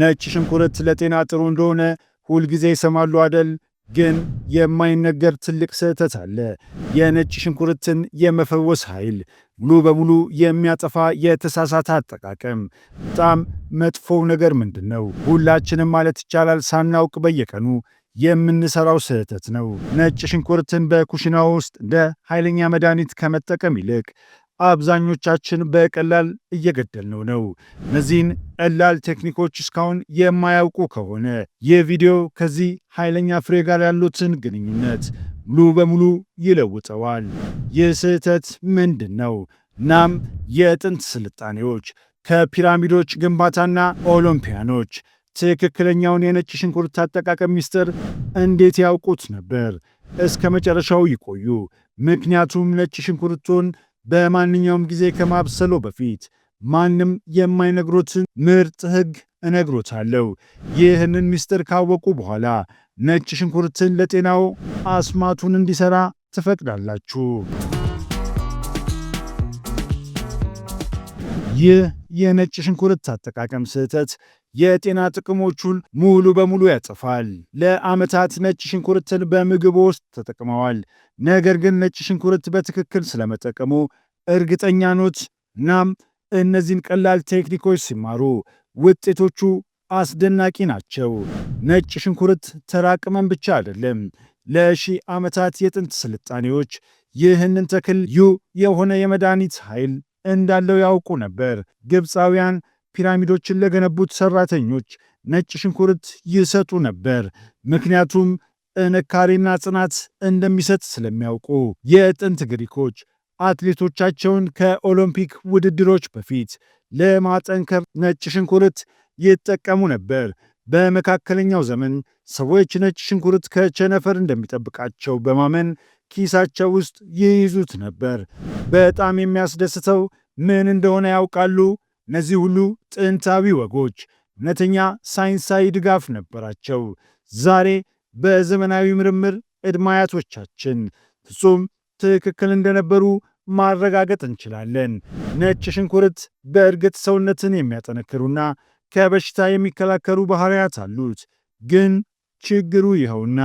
ነጭ ሽንኩርት ለጤና ጥሩ እንደሆነ ሁልጊዜ ይሰማሉ አደል? ግን የማይነገር ትልቅ ስህተት አለ። የነጭ ሽንኩርትን የመፈወስ ኃይል ሙሉ በሙሉ የሚያጠፋ የተሳሳተ አጠቃቀም። በጣም መጥፎው ነገር ምንድን ነው? ሁላችንም ማለት ይቻላል ሳናውቅ በየቀኑ የምንሰራው ስህተት ነው። ነጭ ሽንኩርትን በኩሽና ውስጥ እንደ ኃይለኛ መድኃኒት ከመጠቀም ይልቅ አብዛኞቻችን በቀላል እየገደልነው ነው። እነዚህን ቀላል ቴክኒኮች እስካሁን የማያውቁ ከሆነ ይህ ቪዲዮ ከዚህ ኃይለኛ ፍሬ ጋር ያሉትን ግንኙነት ሙሉ በሙሉ ይለውጠዋል። ይህ ስህተት ምንድን ነው? እናም የጥንት ስልጣኔዎች ከፒራሚዶች ግንባታና ኦሎምፒያኖች ትክክለኛውን የነጭ ሽንኩርት አጠቃቀም ሚስጥር እንዴት ያውቁት ነበር? እስከ መጨረሻው ይቆዩ፣ ምክንያቱም ነጭ ሽንኩርቱን በማንኛውም ጊዜ ከማብሰሎ በፊት ማንም የማይነግሮትን ምርጥ ህግ እነግሮታለሁ። ይህንን ምስጢር ካወቁ በኋላ ነጭ ሽንኩርትን ለጤናው አስማቱን እንዲሰራ ትፈቅዳላችሁ። ይህ የነጭ ሽንኩርት አጠቃቀም ስህተት የጤና ጥቅሞቹን ሙሉ በሙሉ ያጠፋል። ለዓመታት ነጭ ሽንኩርትን በምግብ ውስጥ ተጠቅመዋል። ነገር ግን ነጭ ሽንኩርት በትክክል ስለመጠቀሙ እርግጠኛ ኖት? እናም እነዚህን ቀላል ቴክኒኮች ሲማሩ ውጤቶቹ አስደናቂ ናቸው። ነጭ ሽንኩርት ተራቅመን ብቻ አይደለም። ለሺህ ዓመታት የጥንት ስልጣኔዎች ይህንን ተክል ዩ የሆነ የመድኃኒት ኃይል እንዳለው ያውቁ ነበር። ግብፃውያን ፒራሚዶችን ለገነቡት ሰራተኞች ነጭ ሽንኩርት ይሰጡ ነበር፣ ምክንያቱም ጥንካሬና ጽናት እንደሚሰጥ ስለሚያውቁ። የጥንት ግሪኮች አትሌቶቻቸውን ከኦሎምፒክ ውድድሮች በፊት ለማጠንከር ነጭ ሽንኩርት ይጠቀሙ ነበር። በመካከለኛው ዘመን ሰዎች ነጭ ሽንኩርት ከቸነፈር እንደሚጠብቃቸው በማመን ኪሳቸው ውስጥ ይይዙት ነበር። በጣም የሚያስደስተው ምን እንደሆነ ያውቃሉ? እነዚህ ሁሉ ጥንታዊ ወጎች እውነተኛ ሳይንሳዊ ድጋፍ ነበራቸው። ዛሬ በዘመናዊ ምርምር እድማያቶቻችን ፍጹም ትክክል እንደነበሩ ማረጋገጥ እንችላለን። ነጭ ሽንኩርት በእርግጥ ሰውነትን የሚያጠነክሩና ከበሽታ የሚከላከሉ ባህሪያት አሉት ግን ችግሩ ይኸውና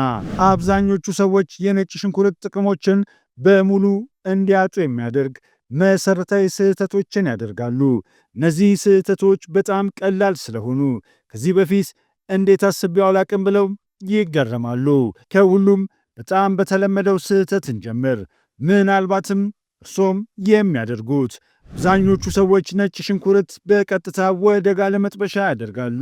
አብዛኞቹ ሰዎች የነጭ ሽንኩርት ጥቅሞችን በሙሉ እንዲያጡ የሚያደርግ መሰረታዊ ስህተቶችን ያደርጋሉ። እነዚህ ስህተቶች በጣም ቀላል ስለሆኑ ከዚህ በፊት እንዴት አስቤው አላቅም ብለው ይገረማሉ። ከሁሉም በጣም በተለመደው ስህተት እንጀምር። ምናልባትም እርሶም የሚያደርጉት አብዛኞቹ ሰዎች ነጭ ሽንኩርት በቀጥታ ወደ ጋለ መጥበሻ ያደርጋሉ፣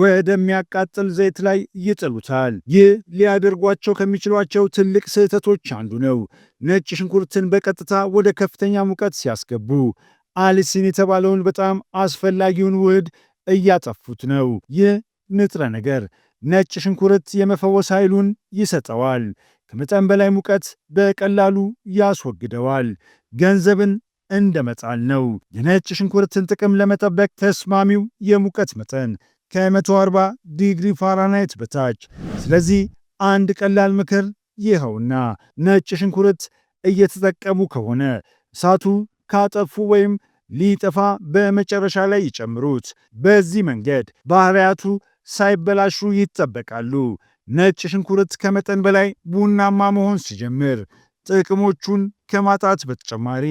ወደሚያቃጥል ዘይት ላይ ይጥሉታል። ይህ ሊያደርጓቸው ከሚችሏቸው ትልቅ ስህተቶች አንዱ ነው። ነጭ ሽንኩርትን በቀጥታ ወደ ከፍተኛ ሙቀት ሲያስገቡ አሊሲን የተባለውን በጣም አስፈላጊውን ውህድ እያጠፉት ነው። ይህ ንጥረ ነገር ነጭ ሽንኩርት የመፈወስ ኃይሉን ይሰጠዋል። ከመጠን በላይ ሙቀት በቀላሉ ያስወግደዋል። ገንዘብን እንደ መጣል ነው። የነጭ ሽንኩርትን ጥቅም ለመጠበቅ ተስማሚው የሙቀት መጠን ከ140 ዲግሪ ፋራናይት በታች። ስለዚህ አንድ ቀላል ምክር ይኸውና፣ ነጭ ሽንኩርት እየተጠቀሙ ከሆነ እሳቱ ካጠፉ ወይም ሊጠፋ በመጨረሻ ላይ ይጨምሩት። በዚህ መንገድ ባህሪያቱ ሳይበላሹ ይጠበቃሉ። ነጭ ሽንኩርት ከመጠን በላይ ቡናማ መሆን ሲጀምር ጥቅሞቹን ከማጣት በተጨማሪ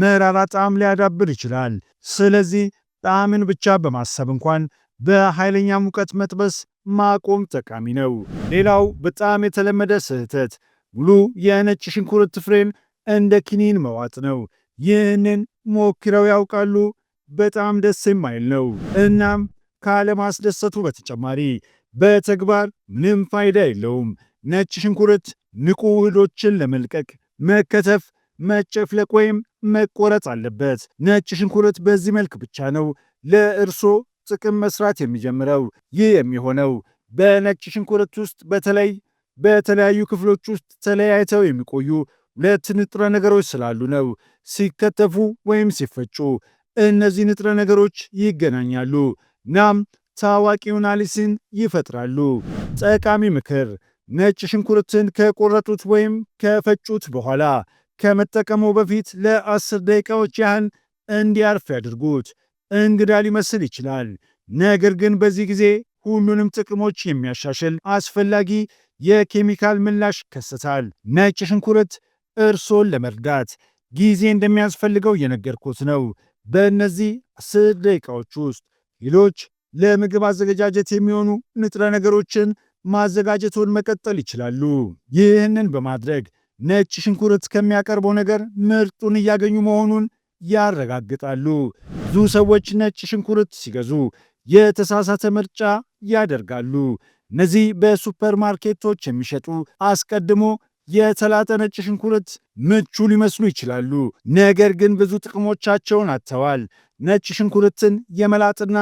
መራራ ጣዕም ሊያዳብር ይችላል። ስለዚህ ጣዕምን ብቻ በማሰብ እንኳን በኃይለኛ ሙቀት መጥበስ ማቆም ጠቃሚ ነው። ሌላው በጣም የተለመደ ስህተት ሙሉ የነጭ ሽንኩርት ፍሬን እንደ ኪኒን መዋጥ ነው። ይህንን ሞክረው ያውቃሉ? በጣም ደስ የማይል ነው። እናም ካለማስደሰቱ በተጨማሪ በተግባር ምንም ፋይዳ የለውም። ነጭ ሽንኩርት ንቁ ውህዶችን ለመልቀቅ መከተፍ፣ መጨፍለቅ ወይም መቆረጥ አለበት። ነጭ ሽንኩርት በዚህ መልክ ብቻ ነው ለእርሶ ጥቅም መስራት የሚጀምረው። ይህ የሚሆነው በነጭ ሽንኩርት ውስጥ በተለይ በተለያዩ ክፍሎች ውስጥ ተለያይተው የሚቆዩ ሁለት ንጥረ ነገሮች ስላሉ ነው። ሲከተፉ ወይም ሲፈጩ እነዚህ ንጥረ ነገሮች ይገናኛሉ፣ ናም ታዋቂውን አሊሲን ይፈጥራሉ። ጠቃሚ ምክር ነጭ ሽንኩርትን ከቆረጡት ወይም ከፈጩት በኋላ ከመጠቀሙ በፊት ለአስር ደቂቃዎች ያህል እንዲያርፍ ያድርጉት። እንግዳ ሊመስል ይችላል፣ ነገር ግን በዚህ ጊዜ ሁሉንም ጥቅሞች የሚያሻሽል አስፈላጊ የኬሚካል ምላሽ ይከሰታል። ነጭ ሽንኩርት እርሶን ለመርዳት ጊዜ እንደሚያስፈልገው እየነገርኩት ነው። በእነዚህ አስር ደቂቃዎች ውስጥ ሌሎች ለምግብ አዘገጃጀት የሚሆኑ ንጥረ ነገሮችን ማዘጋጀቶን መቀጠል ይችላሉ። ይህንን በማድረግ ነጭ ሽንኩርት ከሚያቀርበው ነገር ምርጡን እያገኙ መሆኑን ያረጋግጣሉ። ብዙ ሰዎች ነጭ ሽንኩርት ሲገዙ የተሳሳተ ምርጫ ያደርጋሉ። እነዚህ በሱፐርማርኬቶች የሚሸጡ አስቀድሞ የተላጠ ነጭ ሽንኩርት ምቹ ሊመስሉ ይችላሉ፣ ነገር ግን ብዙ ጥቅሞቻቸውን አጥተዋል። ነጭ ሽንኩርትን የመላጥና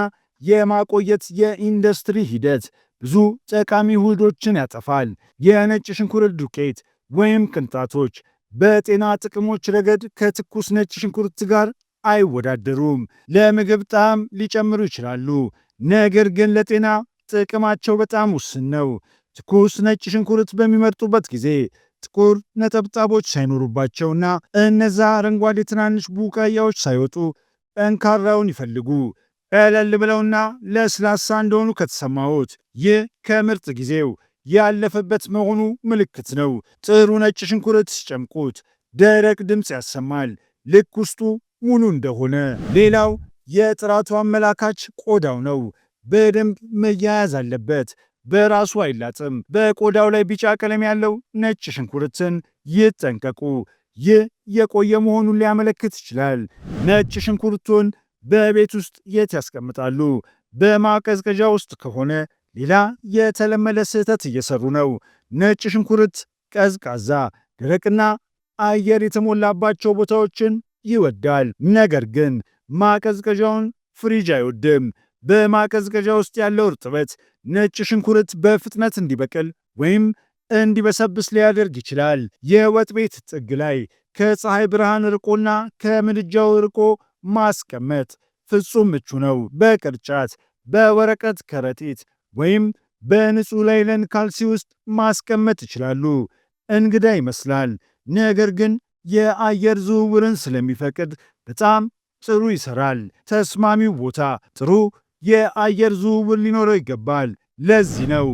የማቆየት የኢንዱስትሪ ሂደት ብዙ ጠቃሚ ውህዶችን ያጠፋል። የነጭ ሽንኩርት ዱቄት ወይም ቅንጣቶች በጤና ጥቅሞች ረገድ ከትኩስ ነጭ ሽንኩርት ጋር አይወዳደሩም። ለምግብ ጣዕም ሊጨምሩ ይችላሉ፣ ነገር ግን ለጤና ጥቅማቸው በጣም ውስን ነው። ትኩስ ነጭ ሽንኩርት በሚመርጡበት ጊዜ ጥቁር ነጠብጣቦች ሳይኖሩባቸውና እነዛ አረንጓዴ ትናንሽ ቡቃያዎች ሳይወጡ ጠንካራውን ይፈልጉ። ቀለል ብለውና ለስላሳ እንደሆኑ ከተሰማሁት ይህ ከምርጥ ጊዜው ያለፈበት መሆኑ ምልክት ነው። ጥሩ ነጭ ሽንኩርት ሲጨምቁት ደረቅ ድምፅ ያሰማል፣ ልክ ውስጡ ሙሉ እንደሆነ። ሌላው የጥራቱ አመላካች ቆዳው ነው። በደንብ መያያዝ አለበት፣ በራሱ አይላጥም። በቆዳው ላይ ቢጫ ቀለም ያለው ነጭ ሽንኩርትን ይጠንቀቁ። ይህ የቆየ መሆኑን ሊያመለክት ይችላል። ነጭ ሽንኩርቱን በቤት ውስጥ የት ያስቀምጣሉ? በማቀዝቀዣ ውስጥ ከሆነ ሌላ የተለመደ ስህተት እየሰሩ ነው። ነጭ ሽንኩርት ቀዝቃዛ፣ ደረቅና አየር የተሞላባቸው ቦታዎችን ይወዳል። ነገር ግን ማቀዝቀዣውን ፍሪጅ አይወድም። በማቀዝቀዣ ውስጥ ያለው እርጥበት ነጭ ሽንኩርት በፍጥነት እንዲበቅል ወይም እንዲበሰብስ ሊያደርግ ይችላል። የወጥ ቤት ጥግ ላይ ከፀሐይ ብርሃን ርቆና ከምድጃው ርቆ ማስቀመጥ ፍጹም ምቹ ነው። በቅርጫት በወረቀት ከረጢት ወይም በንጹህ ላይለን ካልሲ ውስጥ ማስቀመጥ ይችላሉ። እንግዳ ይመስላል፣ ነገር ግን የአየር ዝውውርን ስለሚፈቅድ በጣም ጥሩ ይሰራል። ተስማሚው ቦታ ጥሩ የአየር ዝውውር ሊኖረው ይገባል። ለዚህ ነው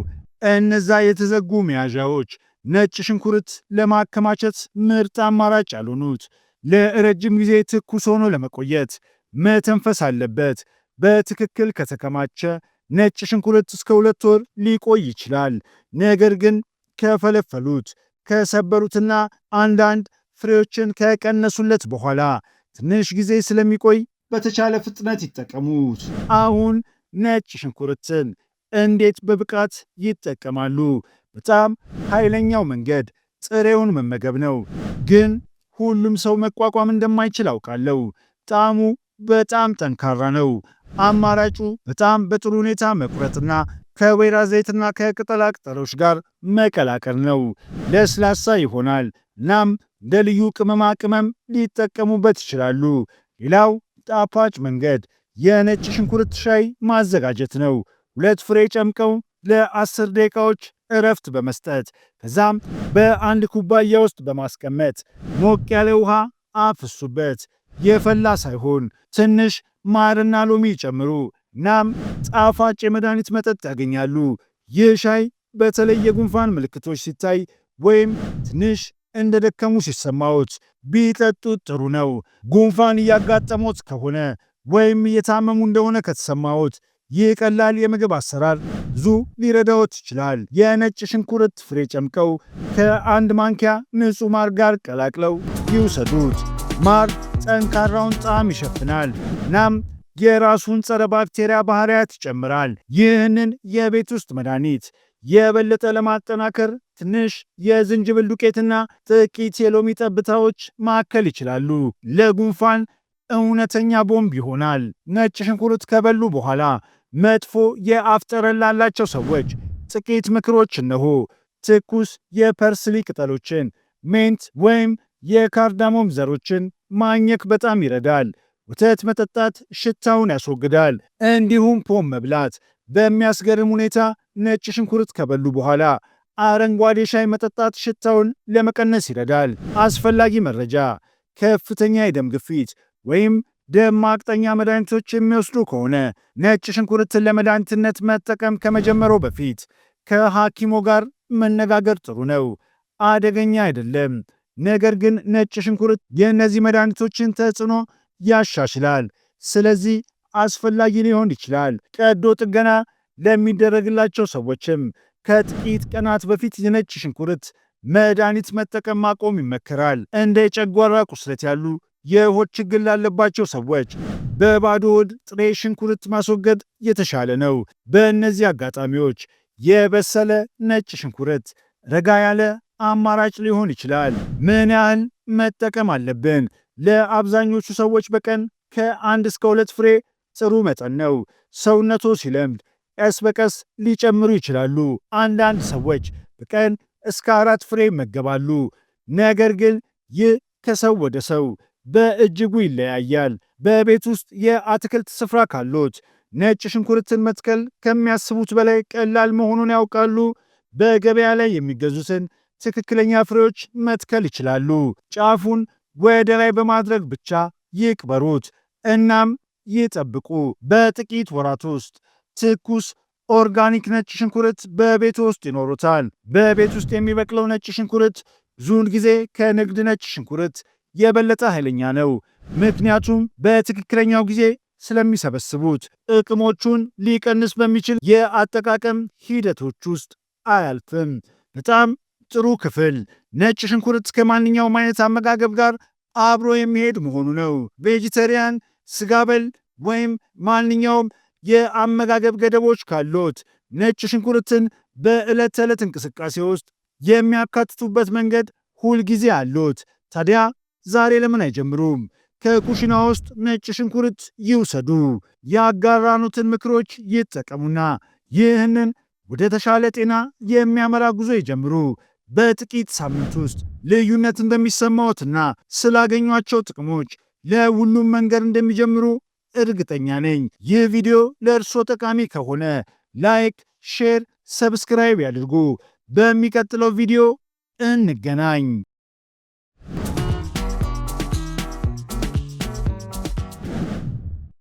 እነዛ የተዘጉ መያዣዎች ነጭ ሽንኩርት ለማከማቸት ምርጥ አማራጭ ያልሆኑት። ለረጅም ጊዜ ትኩስ ሆኖ ለመቆየት መተንፈስ አለበት። በትክክል ከተከማቸ ነጭ ሽንኩርት እስከ ሁለት ወር ሊቆይ ይችላል። ነገር ግን ከፈለፈሉት፣ ከሰበሩትና አንዳንድ ፍሬዎችን ከቀነሱለት በኋላ ትንሽ ጊዜ ስለሚቆይ በተቻለ ፍጥነት ይጠቀሙት። አሁን ነጭ ሽንኩርትን እንዴት በብቃት ይጠቀማሉ? በጣም ኃይለኛው መንገድ ጥሬውን መመገብ ነው ግን ሁሉም ሰው መቋቋም እንደማይችል አውቃለሁ። ጣዕሙ በጣም ጠንካራ ነው። አማራጩ በጣም በጥሩ ሁኔታ መቁረጥና ከወይራ ዘይትና ከቅጠላ ቅጠሎች ጋር መቀላቀል ነው። ለስላሳ ይሆናል እናም ልዩ ቅመማ ቅመም ሊጠቀሙበት ይችላሉ። ሌላው ጣፋጭ መንገድ የነጭ ሽንኩርት ሻይ ማዘጋጀት ነው። ሁለት ፍሬ ጨምቀው ለአስር ደቂቃዎች እረፍት በመስጠት ከዛም በአንድ ኩባያ ውስጥ በማስቀመጥ ሞቅ ያለ ውሃ አፍሱበት። የፈላ ሳይሆን ትንሽ ማርና ሎሚ ይጨምሩ እናም ጣፋጭ የመድኃኒት መጠጥ ያገኛሉ። ይህ ሻይ በተለይ የጉንፋን ምልክቶች ሲታይ ወይም ትንሽ እንደደከሙ ሲሰማውት ሲሰማዎት ቢጠጡት ጥሩ ነው። ጉንፋን እያጋጠሞት ከሆነ ወይም እየታመሙ እንደሆነ ከተሰማዎት ይህ ቀላል የምግብ አሰራር ብዙ ሊረዳዎት ይችላል። የነጭ ሽንኩርት ፍሬ ጨምቀው ከአንድ ማንኪያ ንጹህ ማር ጋር ቀላቅለው ይውሰዱት። ማር ጠንካራውን ጣዕም ይሸፍናል እናም የራሱን ጸረ ባክቴሪያ ባህሪያት ይጨምራል። ይህንን የቤት ውስጥ መድኃኒት የበለጠ ለማጠናከር ትንሽ የዝንጅብል ዱቄትና ጥቂት የሎሚ ጠብታዎች ማከል ይችላሉ። ለጉንፋን እውነተኛ ቦምብ ይሆናል። ነጭ ሽንኩርት ከበሉ በኋላ መጥፎ የአፍ ጠረን ላላቸው ሰዎች ጥቂት ምክሮች እነሆ። ትኩስ የፐርስሊ ቅጠሎችን፣ ሜንት ወይም የካርዳሞም ዘሮችን ማኘክ በጣም ይረዳል። ወተት መጠጣት ሽታውን ያስወግዳል። እንዲሁም ፖም መብላት። በሚያስገርም ሁኔታ ነጭ ሽንኩርት ከበሉ በኋላ አረንጓዴ ሻይ መጠጣት ሽታውን ለመቀነስ ይረዳል። አስፈላጊ መረጃ፦ ከፍተኛ የደም ግፊት ወይም ደም ማቅጠኛ መድኃኒቶች የሚወስዱ ከሆነ ነጭ ሽንኩርትን ለመድኃኒትነት መጠቀም ከመጀመሩ በፊት ከሐኪሞ ጋር መነጋገር ጥሩ ነው። አደገኛ አይደለም፣ ነገር ግን ነጭ ሽንኩርት የእነዚህ መድኃኒቶችን ተጽዕኖ ያሻሽላል፣ ስለዚህ አስፈላጊ ሊሆን ይችላል። ቀዶ ጥገና ለሚደረግላቸው ሰዎችም ከጥቂት ቀናት በፊት የነጭ ሽንኩርት መድኃኒት መጠቀም ማቆም ይመከራል። እንደ የጨጓራ ቁስለት ያሉ የሆድ ችግር ላለባቸው ሰዎች በባዶ ሆድ ጥሬ ሽንኩርት ማስወገድ የተሻለ ነው። በእነዚህ አጋጣሚዎች የበሰለ ነጭ ሽንኩርት ረጋ ያለ አማራጭ ሊሆን ይችላል። ምን ያህል መጠቀም አለብን? ለአብዛኞቹ ሰዎች በቀን ከአንድ እስከ ሁለት ፍሬ ጥሩ መጠን ነው። ሰውነቶ ሲለምድ ቀስ በቀስ ሊጨምሩ ይችላሉ። አንዳንድ ሰዎች በቀን እስከ አራት ፍሬ ይመገባሉ። ነገር ግን ይህ ከሰው ወደ ሰው በእጅጉ ይለያያል። በቤት ውስጥ የአትክልት ስፍራ ካሎት ነጭ ሽንኩርትን መትከል ከሚያስቡት በላይ ቀላል መሆኑን ያውቃሉ። በገበያ ላይ የሚገዙትን ትክክለኛ ፍሬዎች መትከል ይችላሉ። ጫፉን ወደ ላይ በማድረግ ብቻ ይቅበሩት እናም ይጠብቁ። በጥቂት ወራት ውስጥ ትኩስ ኦርጋኒክ ነጭ ሽንኩርት በቤት ውስጥ ይኖሩታል። በቤት ውስጥ የሚበቅለው ነጭ ሽንኩርት ብዙውን ጊዜ ከንግድ ነጭ ሽንኩርት የበለጠ ኃይለኛ ነው። ምክንያቱም በትክክለኛው ጊዜ ስለሚሰበስቡት ጥቅሞቹን ሊቀንስ በሚችል የአጠቃቀም ሂደቶች ውስጥ አያልፍም። በጣም ጥሩ ክፍል ነጭ ሽንኩርት ከማንኛውም አይነት አመጋገብ ጋር አብሮ የሚሄድ መሆኑ ነው። ቬጂተሪያን፣ ስጋ በል ወይም ማንኛውም የአመጋገብ ገደቦች ካሉት ነጭ ሽንኩርትን በዕለት ተዕለት እንቅስቃሴ ውስጥ የሚያካትቱበት መንገድ ሁልጊዜ አሉት። ታዲያ ዛሬ ለምን አይጀምሩም? ከኩሽና ውስጥ ነጭ ሽንኩርት ይውሰዱ፣ ያጋራኑትን ምክሮች ይጠቀሙና ይህንን ወደ ተሻለ ጤና የሚያመራ ጉዞ ይጀምሩ። በጥቂት ሳምንት ውስጥ ልዩነት እንደሚሰማዎትና ስላገኟቸው ጥቅሞች ለሁሉም መንገድ እንደሚጀምሩ እርግጠኛ ነኝ። ይህ ቪዲዮ ለእርስዎ ጠቃሚ ከሆነ ላይክ፣ ሼር፣ ሰብስክራይብ ያድርጉ። በሚቀጥለው ቪዲዮ እንገናኝ።